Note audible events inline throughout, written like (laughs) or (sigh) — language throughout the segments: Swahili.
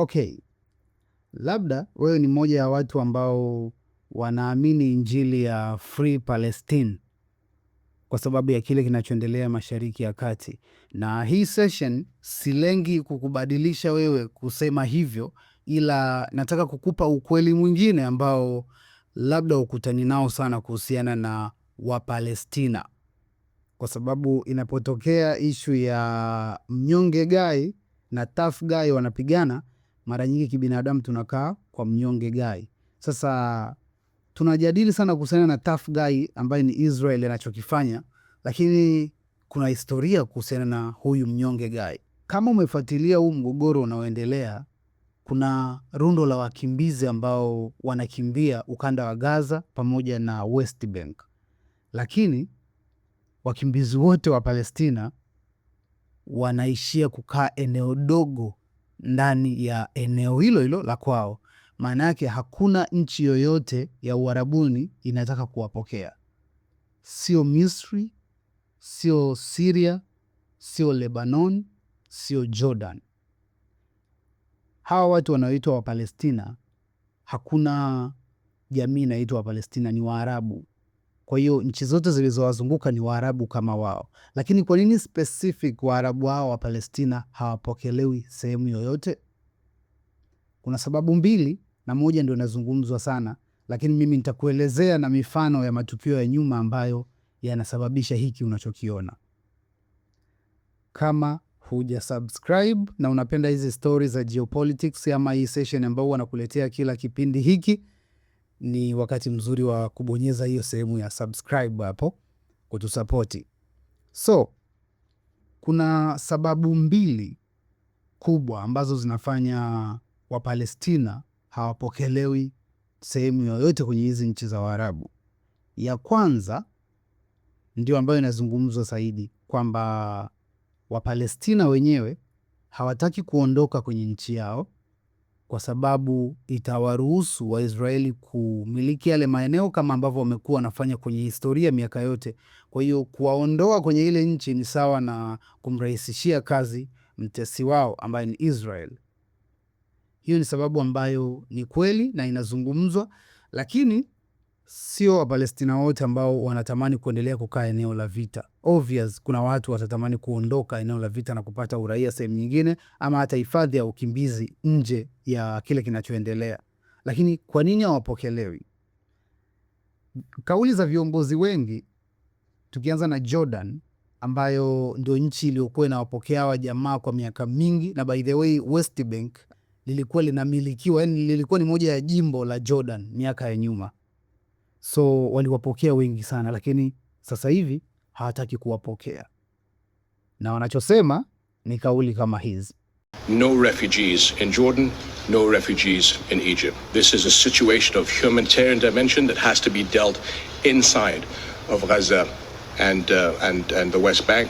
Okay, labda wewe ni mmoja ya watu ambao wanaamini injili ya Free Palestine kwa sababu ya kile kinachoendelea Mashariki ya Kati, na hii session silengi kukubadilisha wewe kusema hivyo, ila nataka kukupa ukweli mwingine ambao labda ukutani nao sana kuhusiana na Wapalestina, kwa sababu inapotokea ishu ya mnyonge gai na tough gai wanapigana mara nyingi kibinadamu tunakaa kwa mnyonge gai Sasa tunajadili sana kuhusiana na tough gai ambaye ni Israel anachokifanya, lakini kuna historia kuhusiana na huyu mnyonge gai Kama umefuatilia huu mgogoro unaoendelea, kuna rundo la wakimbizi ambao wanakimbia ukanda wa Gaza pamoja na West Bank, lakini wakimbizi wote wa Palestina wanaishia kukaa eneo dogo ndani ya eneo hilo hilo la kwao. Maana yake hakuna nchi yoyote ya uharabuni inataka kuwapokea, sio Misri, sio Siria, sio Lebanon, sio Jordan. Hawa watu wanaoitwa Wapalestina, hakuna jamii inaitwa Wapalestina, ni Waarabu. Kwa hiyo nchi zote zilizowazunguka ni Waarabu kama wao, lakini kwa nini specific Waarabu hao wa Palestina hawapokelewi sehemu yoyote? Kuna sababu mbili, na moja ndio inazungumzwa sana, lakini mimi nitakuelezea na mifano ya matukio ya nyuma ambayo yanasababisha hiki unachokiona. Kama huja subscribe na unapenda hizi stori za geopolitics ama hii session ambao wanakuletea kila kipindi hiki ni wakati mzuri wa kubonyeza hiyo sehemu ya subscribe hapo kutusapoti. So kuna sababu mbili kubwa ambazo zinafanya Wapalestina hawapokelewi sehemu yoyote kwenye hizi nchi za Waarabu. Ya kwanza ndio ambayo inazungumzwa zaidi kwamba Wapalestina wenyewe hawataki kuondoka kwenye nchi yao kwa sababu itawaruhusu Waisraeli kumiliki yale maeneo kama ambavyo wamekuwa wanafanya kwenye historia miaka yote. Kwa hiyo kuwaondoa kwenye ile nchi ni sawa na kumrahisishia kazi mtesi wao ambaye ni Israel. Hiyo ni sababu ambayo ni kweli na inazungumzwa, lakini sio Wapalestina wote ambao wanatamani kuendelea kukaa eneo la vita. Obvious, kuna watu watatamani kuondoka eneo la vita na kupata uraia sehemu nyingine, ama hata hifadhi ya ukimbizi nje ya kile kinachoendelea. Lakini kwa nini hawapokelewi? Kauli za viongozi wengi, tukianza na Jordan ambayo ndio nchi iliyokuwa inawapokea hawa jamaa kwa miaka mingi, na by the way West Bank lilikuwa linamilikiwa, yani lilikuwa ni moja ya jimbo la Jordan miaka ya nyuma So waliwapokea wengi sana, lakini sasa hivi hawataki kuwapokea, na wanachosema ni kauli kama hizi: no refugees in Jordan, no refugees in Egypt. This is a situation of humanitarian dimension that has to be dealt inside of Gaza and, uh, and, and the West Bank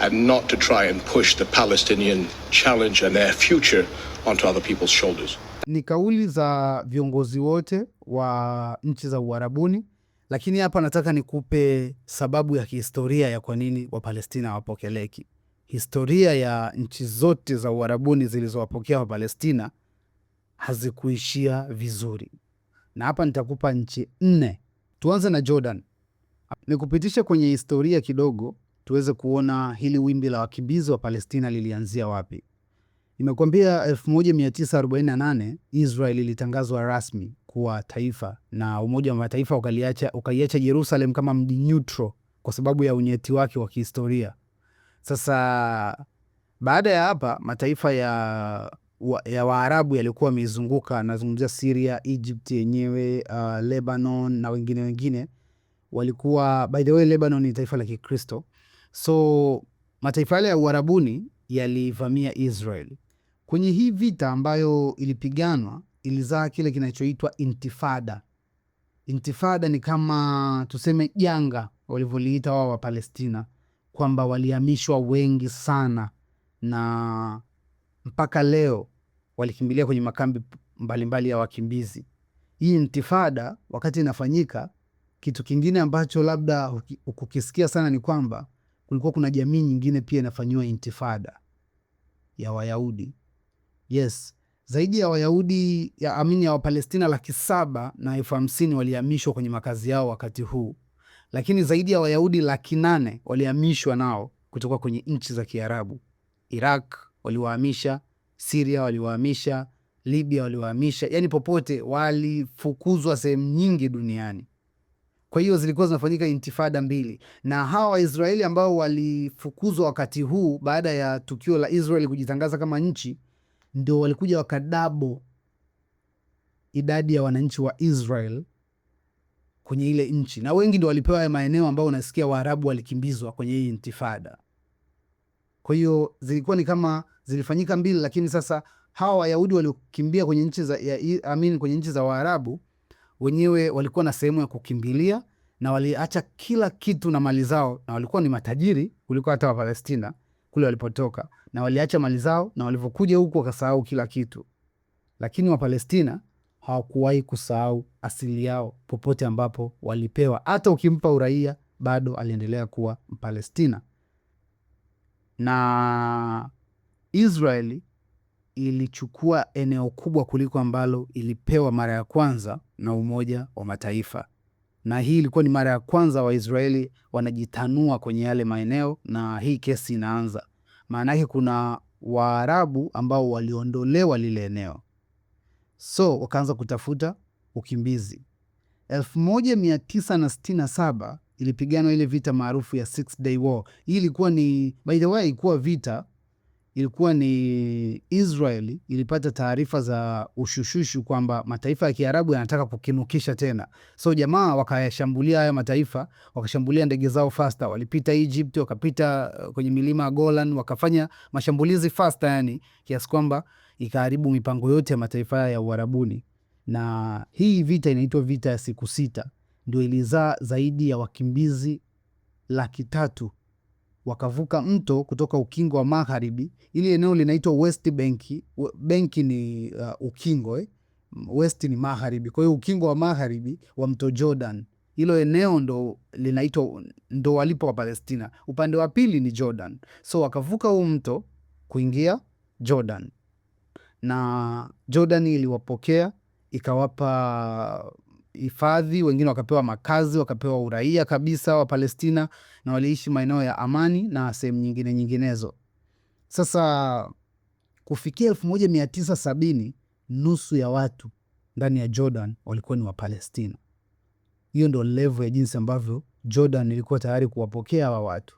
and not to try and push the Palestinian challenge and their future onto other people's shoulders ni kauli za viongozi wote wa nchi za Uarabuni, lakini hapa nataka nikupe sababu ya kihistoria ya kwa nini Wapalestina hawapokeleki. Historia ya nchi zote za Uarabuni zilizowapokea Wapalestina hazikuishia vizuri, na hapa nitakupa nchi nne. Tuanze na Jordan, nikupitisha kwenye historia kidogo tuweze kuona hili wimbi la wakimbizi wa Palestina lilianzia wapi. Nimekuambia 1948 Israel ilitangazwa rasmi kuwa taifa na Umoja wa Mataifa ukaliacha, ukaiacha Jerusalem kama mji neutral kwa sababu ya unyeti wake wa kihistoria. Sasa baada ya hapa mataifa ya ya Waarabu yalikuwa wameizunguka, nazungumzia Siria, Egypt yenyewe, uh, Lebanon na wengine wengine walikuwa by the way, Lebanon ni taifa la Kikristo, so mataifa yale ya Uarabuni yalivamia Israel Kwenye hii vita ambayo ilipiganwa ilizaa kile kinachoitwa intifada. Intifada ni kama tuseme janga walivyoliita wao Wapalestina, kwamba walihamishwa wengi sana, na mpaka leo walikimbilia kwenye makambi mbalimbali mbali ya wakimbizi. Hii intifada wakati inafanyika, kitu kingine ambacho labda ukukisikia sana ni kwamba kulikuwa kuna jamii nyingine pia inafanyiwa intifada ya Wayahudi Yes, zaidi ya Wayahudi ya amini ya Wapalestina laki saba na elfu hamsini walihamishwa kwenye makazi yao wakati huu, lakini zaidi ya Wayahudi laki nane walihamishwa nao kutoka kwenye nchi za Kiarabu. Iraq waliwahamisha, Siria waliwahamisha, Libya waliwahamisha, yani popote walifukuzwa sehemu nyingi duniani. Kwa hiyo zilikuwa zinafanyika intifada mbili, na hawa Waisraeli ambao walifukuzwa wakati huu baada ya tukio la Israel kujitangaza kama nchi ndio walikuja wakadabo idadi ya wananchi wa Israel kwenye ile nchi, na wengi ndio walipewa maeneo ambayo unasikia Waarabu walikimbizwa kwenye hii intifada. Kwa hiyo zilikuwa ni kama zilifanyika mbili, lakini sasa hawa Wayahudi waliokimbia kwenye nchi za ya, amin, kwenye nchi za Waarabu wenyewe walikuwa na sehemu ya kukimbilia na waliacha kila kitu na mali zao, na walikuwa ni matajiri kuliko hata Wapalestina kule walipotoka na waliacha mali zao na walivyokuja huku wakasahau kila kitu, lakini Wapalestina hawakuwahi kusahau asili yao popote ambapo walipewa. Hata ukimpa uraia bado aliendelea kuwa Mpalestina. Na Israeli ilichukua eneo kubwa kuliko ambalo ilipewa mara ya kwanza na Umoja wa Mataifa, na hii ilikuwa ni mara ya kwanza Waisraeli wanajitanua kwenye yale maeneo, na hii kesi inaanza yake kuna Waarabu ambao waliondolewa lile eneo, so wakaanza kutafuta ukimbizi. 1967 ilipiganwa ile vita maarufu ya Six Day War. Hii ilikuwa ni by the way, ilikuwa vita ilikuwa ni Israeli ilipata taarifa za ushushushu kwamba mataifa ya Kiarabu yanataka kukinukisha tena. So jamaa wakayashambulia haya mataifa, wakashambulia ndege zao fasta, walipita Egypt, wakapita uh, kwenye milima ya Golan, wakafanya mashambulizi fasta, yani kiasi kwamba ikaharibu mipango yote ya mataifa haya ya Uarabuni. Na hii vita inaitwa vita ya siku sita, ndio ilizaa zaidi ya wakimbizi laki tatu wakavuka mto kutoka ukingo wa magharibi. Ili eneo linaitwa West Bank. Bank ni uh, ukingo eh? West ni magharibi, kwa hiyo ukingo wa magharibi wa mto Jordan, hilo eneo ndo linaitwa ndo walipo wa Palestina. Upande wa pili ni Jordan, so wakavuka huu mto kuingia Jordan na Jordan iliwapokea ikawapa hifadhi, wengine wakapewa makazi, wakapewa uraia kabisa wa Palestina na waliishi maeneo ya amani na sehemu nyingine nyinginezo. Sasa kufikia elfu moja mia tisa sabini nusu ya watu ndani ya Jordan walikuwa ni Wapalestina. Hiyo ndo levo ya jinsi ambavyo Jordan ilikuwa tayari kuwapokea hawa watu,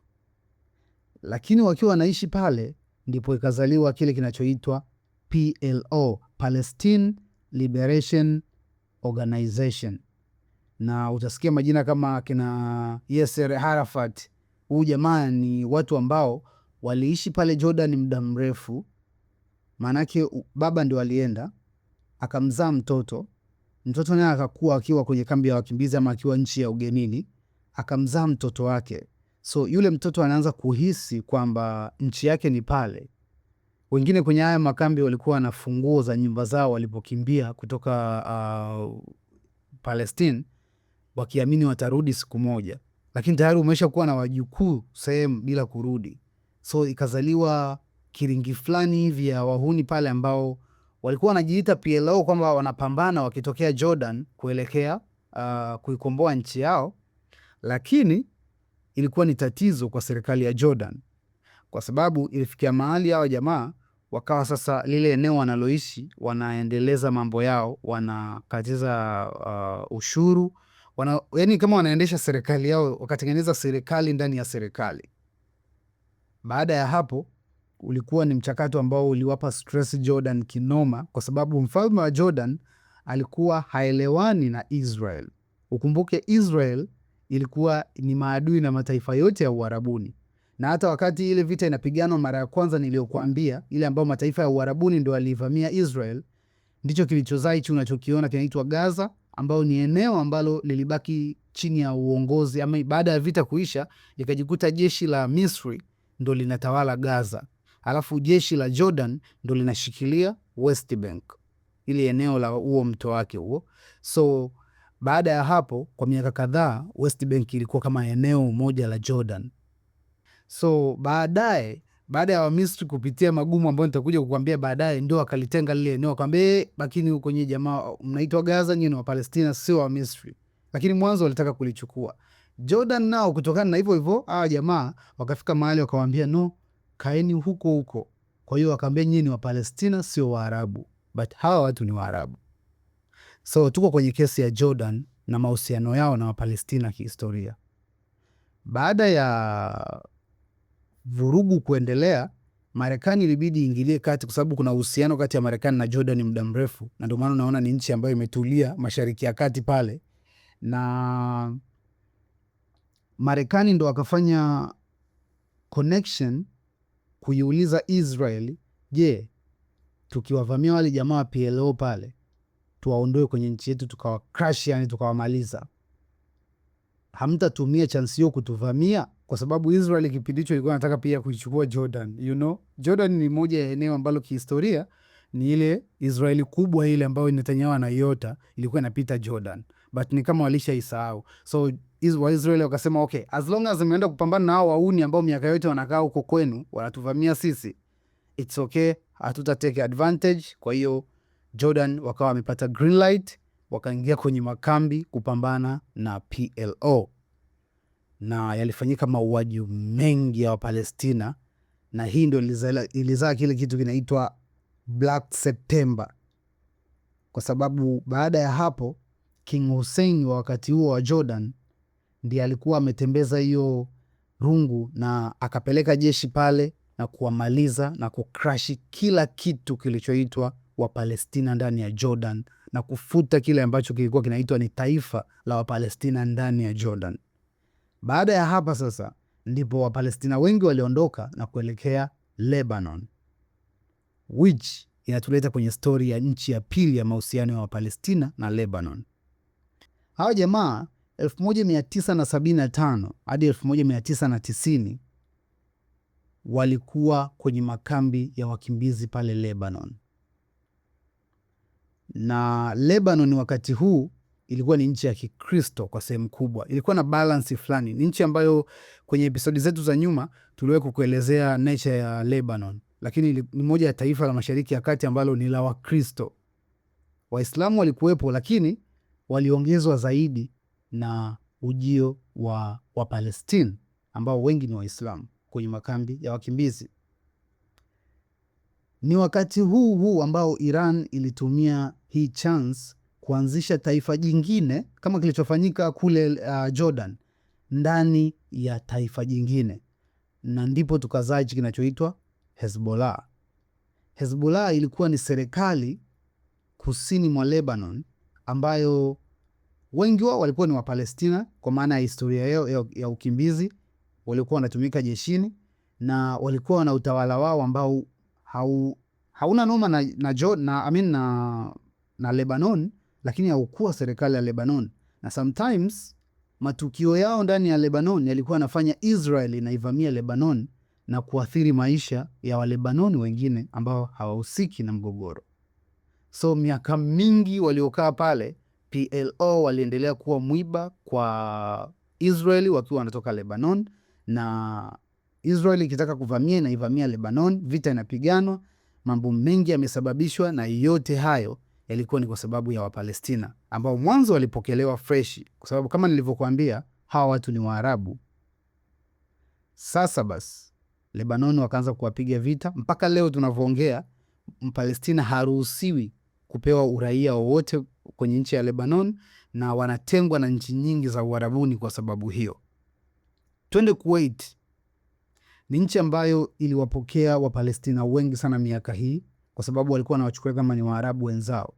lakini wakiwa wanaishi pale, ndipo ikazaliwa kile kinachoitwa PLO, Palestine Liberation Organization, na utasikia majina kama kina Yasser Arafat. Huu jamaa ni watu ambao waliishi pale Jordan muda mrefu, maanake baba ndio alienda akamzaa mtoto, mtoto naye akakua akiwa kwenye kambi ya wakimbizi ama akiwa nchi ya ugenini, akamzaa mtoto wake. So yule mtoto anaanza kuhisi kwamba nchi yake ni pale wengine kwenye haya makambi walikuwa na funguo za nyumba zao walipokimbia kutoka uh, Palestine, wakiamini watarudi siku moja, lakini tayari umesha kuwa na wajukuu sehemu bila kurudi, so ikazaliwa kiringi fulani hivi ya wahuni pale ambao walikuwa wanajiita PLO kwamba wanapambana wakitokea Jordan kuelekea uh, kuikomboa nchi yao, lakini ilikuwa ni tatizo kwa serikali ya Jordan kwa sababu ilifikia mahali hawa jamaa wakawa sasa lile eneo wanaloishi wanaendeleza mambo yao, wanakatiza uh, ushuru wana, yani kama wanaendesha serikali yao, wakatengeneza serikali ndani ya serikali. Baada ya hapo ulikuwa ni mchakato ambao uliwapa stress Jordan kinoma, kwa sababu mfalme wa Jordan alikuwa haelewani na Israel. Ukumbuke Israel ilikuwa ni maadui na mataifa yote ya Uarabuni na hata wakati ile vita inapiganwa mara ya kwanza niliyokuambia, ile ambayo mataifa ya uharabuni ndo alivamia Israel, ndicho kilichozaa hichi unachokiona kinaitwa Gaza, ambayo ni eneo ambalo lilibaki chini ya uongozi ama baada ya vita kuisha, ikajikuta jeshi la Misri ndo linatawala Gaza, alafu jeshi la Jordan ndo linashikilia West Bank, ili eneo la huo mto wake huo. So baada ya hapo, kwa miaka kadhaa, West Bank ilikuwa kama eneo moja la Jordan So baadaye baada ya Wamisri kupitia magumu ambayo nitakuja kukwambia baadaye, ndio wakalitenga lile eneo, wakamwambia bakini eh, huko nyie, jamaa mnaitwa Gaza, nyie ni Wapalestina sio Wamisri, lakini mwanzo walitaka kulichukua. Jordan nao kutokana na hivyo hivyo, hawa jamaa wakafika mahali wakawambia no, kaeni huko huko. Kwa hiyo wakaambia nyie ni Wapalestina sio Waarabu, but hawa watu ni Waarabu. So tuko kwenye kesi ya Jordan na mahusiano yao na Wapalestina kihistoria. Baada ya vurugu kuendelea, Marekani ilibidi iingilie kati, kwa sababu kuna uhusiano kati ya Marekani na Jordan muda mrefu, na ndio maana unaona ni nchi ambayo imetulia Mashariki ya Kati pale, na Marekani ndo akafanya connection kuiuliza Israel, je, tukiwavamia wale jamaa wa PLO pale tuwaondoe kwenye nchi yetu tukawa crash, yani tukawamaliza, hamtatumia chansi hiyo kutuvamia? kwa sababu Israel kipindi hicho ilikuwa anataka pia kuichukua Jordan. You know, Jordan ni moja ya eneo ambalo kihistoria ni ile Israeli kubwa ile ambayo Netanyahu anaiota ilikuwa inapita Jordan, but ni kama walishaisahau. So Waisraeli wakasema okay, as long as imeenda kupambana na hao wauni ambao miaka yote wanakaa huko kwenu wanatuvamia sisi, it's okay, hatuta take advantage. Kwa hiyo Jordan wakawa wamepata green light, wakaingia kwenye makambi kupambana na PLO na yalifanyika mauaji mengi ya Wapalestina, na hii ndio ilizaa iliza kile kitu kinaitwa Black September, kwa sababu baada ya hapo King Hussein wa wakati huo wa Jordan ndiye alikuwa ametembeza hiyo rungu na akapeleka jeshi pale na kuwamaliza na kukrashi kila kitu kilichoitwa Wapalestina ndani ya Jordan na kufuta kile ambacho kilikuwa kinaitwa ni taifa la Wapalestina ndani ya Jordan. Baada ya hapa sasa ndipo Wapalestina wengi waliondoka na kuelekea Lebanon, which inatuleta kwenye stori ya nchi ya pili ya mahusiano ya Wapalestina na Lebanon. Hawa jamaa 1975 hadi 1990 walikuwa kwenye makambi ya wakimbizi pale Lebanon, na Lebanon wakati huu ilikuwa ni nchi ya Kikristo kwa sehemu kubwa, ilikuwa na balansi fulani. Ni nchi ambayo kwenye episodi zetu za nyuma tuliwahi kukuelezea nature ya Lebanon, lakini ni moja ya taifa la Mashariki ya Kati ambalo ni la Wakristo. Waislamu walikuwepo, lakini waliongezwa zaidi na ujio wa Wapalestini ambao wengi ni Waislamu kwenye makambi ya wakimbizi. Ni wakati huu huu ambao Iran ilitumia hii chance kuanzisha taifa jingine kama kilichofanyika kule uh, Jordan ndani ya taifa jingine, na ndipo tukazaa hichi kinachoitwa Hezbollah. Hezbollah ilikuwa ni serikali kusini mwa Lebanon ambayo wengi wao walikuwa ni Wapalestina kwa maana ya historia yao ya, ya ukimbizi. Walikuwa wanatumika jeshini na walikuwa na utawala wao ambao hau, hauna noma na, na, na, na, na Lebanon, lakini haukuwa serikali ya Lebanon, na sometimes matukio yao ndani ya Lebanon yalikuwa yanafanya Israel inaivamia Lebanon na kuathiri maisha ya Walebanoni wengine ambao hawahusiki na mgogoro. So miaka mingi waliokaa pale PLO waliendelea kuwa mwiba kwa Israeli wakiwa wanatoka Lebanon, na Israeli ikitaka kuvamia inaivamia Lebanon, vita inapiganwa, mambo mengi yamesababishwa na yote hayo yalikuwa ni kwa sababu ya Wapalestina ambao mwanzo walipokelewa freshi, kwa sababu kama nilivyokuambia hawa watu ni Waarabu. Sasa basi Lebanoni wakaanza kuwapiga vita, mpaka leo tunavyoongea, Mpalestina haruhusiwi kupewa uraia wowote kwenye nchi ya Lebanon na wanatengwa na nchi nyingi za uharabuni kwa sababu hiyo. Twende Kuwait, ni nchi ambayo iliwapokea Wapalestina wengi sana miaka hii, kwa sababu walikuwa wanawachukulia kama ni Waarabu wenzao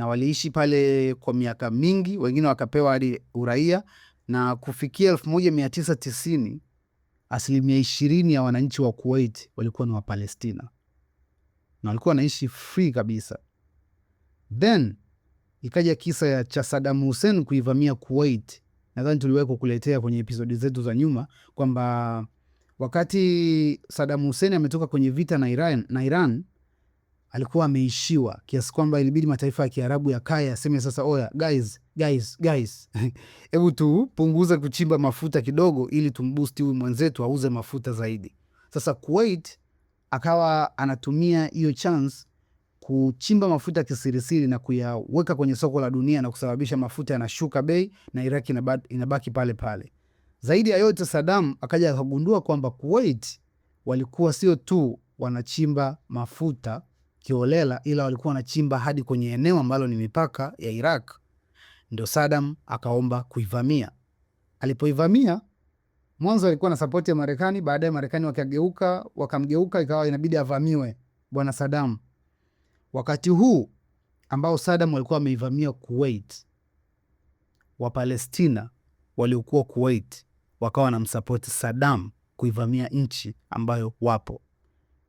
na waliishi pale kwa miaka mingi, wengine wakapewa hadi uraia na kufikia elfu moja mia tisa tisini asilimia ishirini ya wananchi wa Kuwait walikuwa ni Wapalestina na walikuwa wanaishi free kabisa. Then ikaja kisa cha Saddam Hussein kuivamia Kuwait. Nadhani tuliwahi kukuletea kwenye episodi zetu za nyuma kwamba wakati Saddam Hussein ametoka kwenye vita na Iran, na Iran alikuwa ameishiwa kiasi kwamba ilibidi mataifa ya Kiarabu ya kaya yaseme sasa, oya guys, guys, guys, (laughs) hebu tupunguze kuchimba mafuta kidogo, ili tumbusti huyu mwenzetu auze mafuta zaidi. Sasa Kuwait akawa anatumia hiyo chance kuchimba mafuta kisirisiri na kuyaweka kwenye soko la dunia na kusababisha mafuta yanashuka bei na Iraq inabaki pale pale. Zaidi ya yote, Saddam akaja akagundua kwamba Kuwait walikuwa sio tu wanachimba mafuta kiolela, ila walikuwa wanachimba hadi kwenye eneo ambalo ni mipaka ya Iraq. Ndo Sadam akaomba kuivamia. Alipoivamia mwanzo alikuwa na sapoti ya Marekani, baadaye Marekani wakageuka, wakamgeuka, ikawa inabidi avamiwe bwana Sadam. Wakati huu ambao Sadam walikuwa wameivamia Kuwait, Wapalestina waliokuwa Kuwait wakawa wanamsapoti Sadam kuivamia nchi ambayo wapo.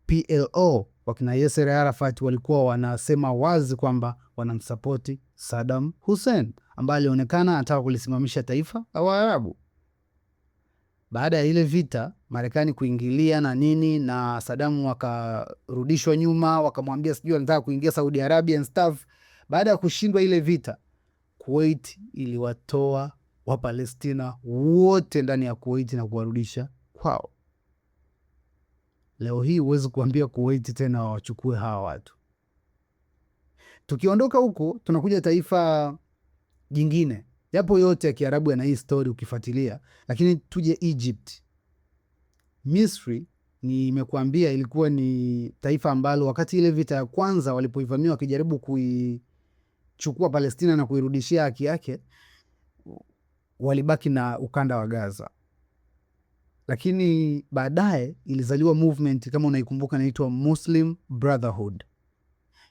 PLO wakina Yasser Arafat walikuwa wanasema wazi kwamba wanamsapoti Saddam Hussein ambaye alionekana anataka kulisimamisha taifa la Waarabu. Baada ya ile vita Marekani kuingilia na nini na Saddam wakarudishwa nyuma, wakamwambia sijui anataka kuingia Saudi Arabia and stuff. Baada ya kushindwa ile vita, Kuwait iliwatoa Wapalestina wote ndani ya Kuwait na kuwarudisha kwao. Leo hii huwezi kuambia Kuwait tena wawachukue hawa watu. Tukiondoka huko, tunakuja taifa jingine, japo yote ya Kiarabu yana hii stori ukifuatilia, lakini tuje Egypt. Misri nimekuambia ilikuwa ni taifa ambalo wakati ile vita ya kwanza walipoivamia wakijaribu kuichukua Palestina na kuirudishia haki yake, walibaki na ukanda wa Gaza lakini baadaye ilizaliwa movement kama unaikumbuka, inaitwa Muslim Brotherhood.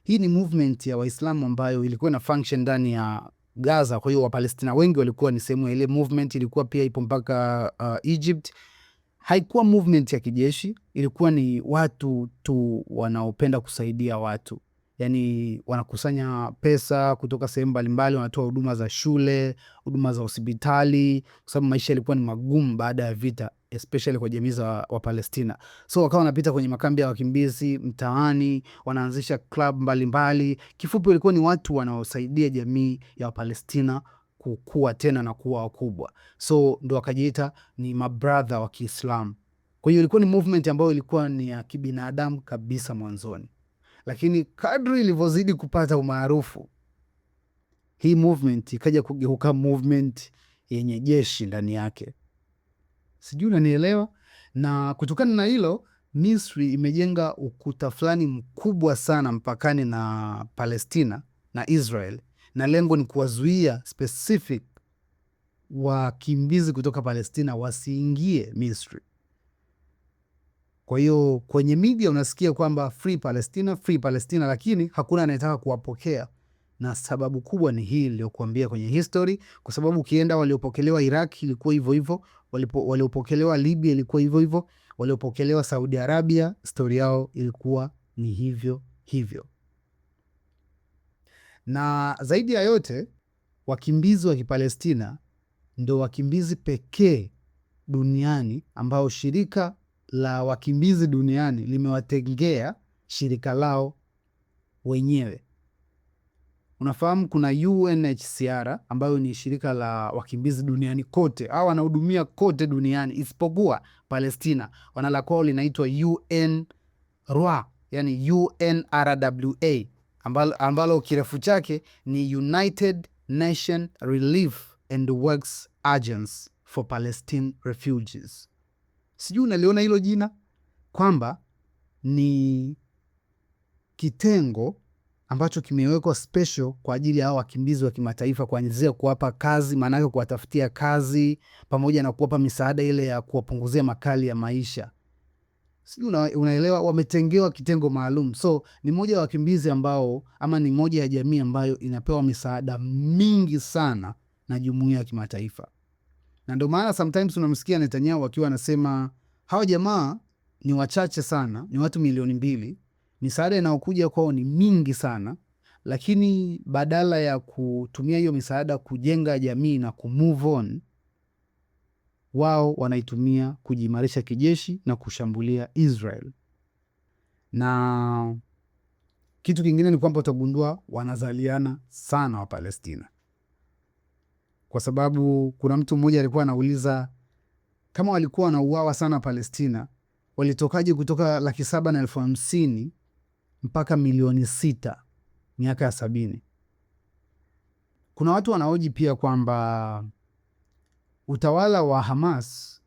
Hii ni movement ya Waislamu ambayo ilikuwa na function ndani ya Gaza. Kwa hiyo Wapalestina wengi walikuwa ni sehemu ya ile movement, ilikuwa pia ipo mpaka uh, Egypt. Haikuwa movement ya kijeshi, ilikuwa ni watu tu wanaopenda kusaidia watu yani wanakusanya pesa kutoka sehemu mbalimbali, wanatoa huduma za shule, huduma za hospitali, kwa sababu maisha yalikuwa ni magumu baada ya vita, especially kwa jamii za Wapalestina. So wakawa wanapita kwenye makambi ya wakimbizi mtaani, wanaanzisha club mbalimbali. Kifupi, walikuwa ni watu wanaosaidia jamii ya Wapalestina kukua tena na kuwa wakubwa, so ndo wakajiita ni mabradha wa Kiislamu. Kwa hiyo ilikuwa ni movement ambayo ilikuwa ni ya kibinadamu kabisa mwanzoni lakini kadri ilivyozidi kupata umaarufu hii movement ikaja kugeuka movement yenye jeshi ndani yake, sijui unanielewa. Na kutokana na hilo Misri imejenga ukuta fulani mkubwa sana mpakani na Palestina na Israel, na lengo ni kuwazuia specific wakimbizi kutoka Palestina wasiingie Misri. Kwa hiyo kwenye media unasikia kwamba free Palestina, free Palestina, lakini hakuna anayetaka kuwapokea na sababu kubwa ni hii niliyokuambia kwenye history, kwa sababu ukienda, waliopokelewa Iraq ilikuwa hivyo hivyo, waliopokelewa Libya ilikuwa hivyo hivyo, waliopokelewa Saudi Arabia stori yao ilikuwa ni hivyo hivyo. Na zaidi ya yote, wakimbizi wa Kipalestina ndo wakimbizi pekee duniani ambao shirika la wakimbizi duniani limewatengea shirika lao wenyewe. Unafahamu kuna UNHCR ambayo ni shirika la wakimbizi duniani kote, au wanahudumia kote duniani isipokuwa Palestina. Wana la kwao linaitwa UNRWA, yani UNRWA ambalo, ambalo kirefu chake ni United Nation Relief and Works Agency for Palestine Refugees. Sijui unaliona hilo jina kwamba ni kitengo ambacho kimewekwa special kwa ajili ya hao wakimbizi wa kimataifa kuanzia kuwapa kazi, maanake kuwatafutia kazi pamoja na kuwapa misaada ile ya kuwapunguzia makali ya maisha. Sijui unaelewa, wametengewa kitengo maalum. So ni moja ya wakimbizi ambao ama ni moja ya jamii ambayo inapewa misaada mingi sana na jumuiya ya kimataifa na ndio maana sometimes unamsikia Netanyahu akiwa anasema hawa jamaa ni wachache sana, ni watu milioni mbili, misaada inayokuja kwao ni mingi sana, lakini badala ya kutumia hiyo misaada kujenga jamii na kumove on, wao wanaitumia kujiimarisha kijeshi na kushambulia Israel. Na kitu kingine ni kwamba utagundua wanazaliana sana Wapalestina kwa sababu kuna mtu mmoja alikuwa anauliza kama walikuwa wanauawa sana Palestina, walitokaje kutoka laki saba na elfu hamsini mpaka milioni sita miaka ya sabini? Kuna watu wanaoji pia kwamba utawala wa Hamas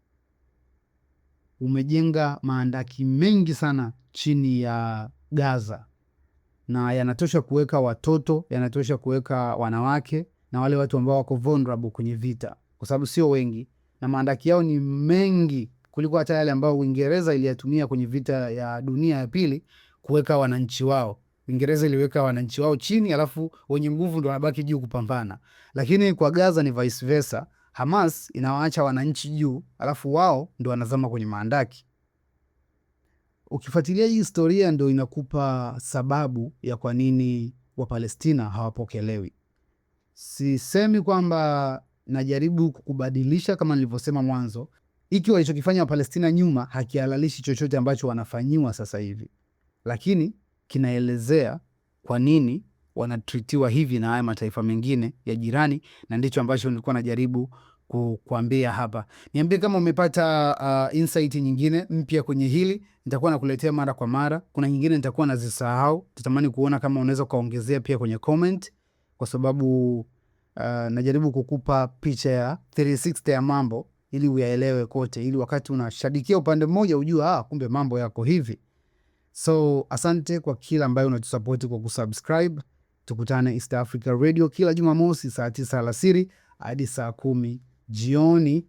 umejenga maandaki mengi sana chini ya Gaza na yanatosha kuweka watoto, yanatosha kuweka wanawake na wale watu ambao wako vulnerable kwenye vita, kwa sababu sio wengi na maandaki yao ni mengi kuliko hata yale ambao Uingereza iliyatumia kwenye vita ya dunia ya pili kuweka wananchi wao. Uingereza iliweka wananchi wao chini, alafu wenye nguvu ndo wanabaki juu kupambana. Lakini kwa Gaza ni vice versa, Hamas inawaacha wananchi juu, alafu wao ndo wanazama kwenye maandaki. Ukifuatilia hii historia ndo inakupa sababu ya kwa nini Wapalestina hawapokelewi sisemi kwamba najaribu kukubadilisha, kama nilivyosema mwanzo, hiki walichokifanya Wapalestina nyuma hakihalalishi chochote ambacho wanafanyiwa sasa hivi, lakini kinaelezea kwa nini wanatritiwa hivi na haya mataifa mengine ya jirani, na ndicho ambacho nilikuwa najaribu kukuambia hapa. Niambie kama umepata uh, insight nyingine mpya kwenye hili. Nitakuwa nakuletea mara kwa mara. Kuna nyingine nitakuwa nazisahau, tatamani kuona kama unaweza ukaongezea pia kwenye comment kwa sababu uh, najaribu kukupa picha ya 360 ya mambo ili uyaelewe kote, ili wakati unashadikia upande mmoja ujua, ah, kumbe mambo yako hivi. So asante kwa kila ambayo unatusapoti kwa kusubscribe. Tukutane East Africa Radio kila Jumamosi saa tisa alasiri hadi saa kumi jioni.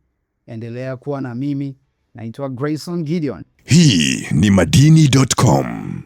Endelea kuwa na mimi, naitwa Grayson Gideon. Hii ni madini.com.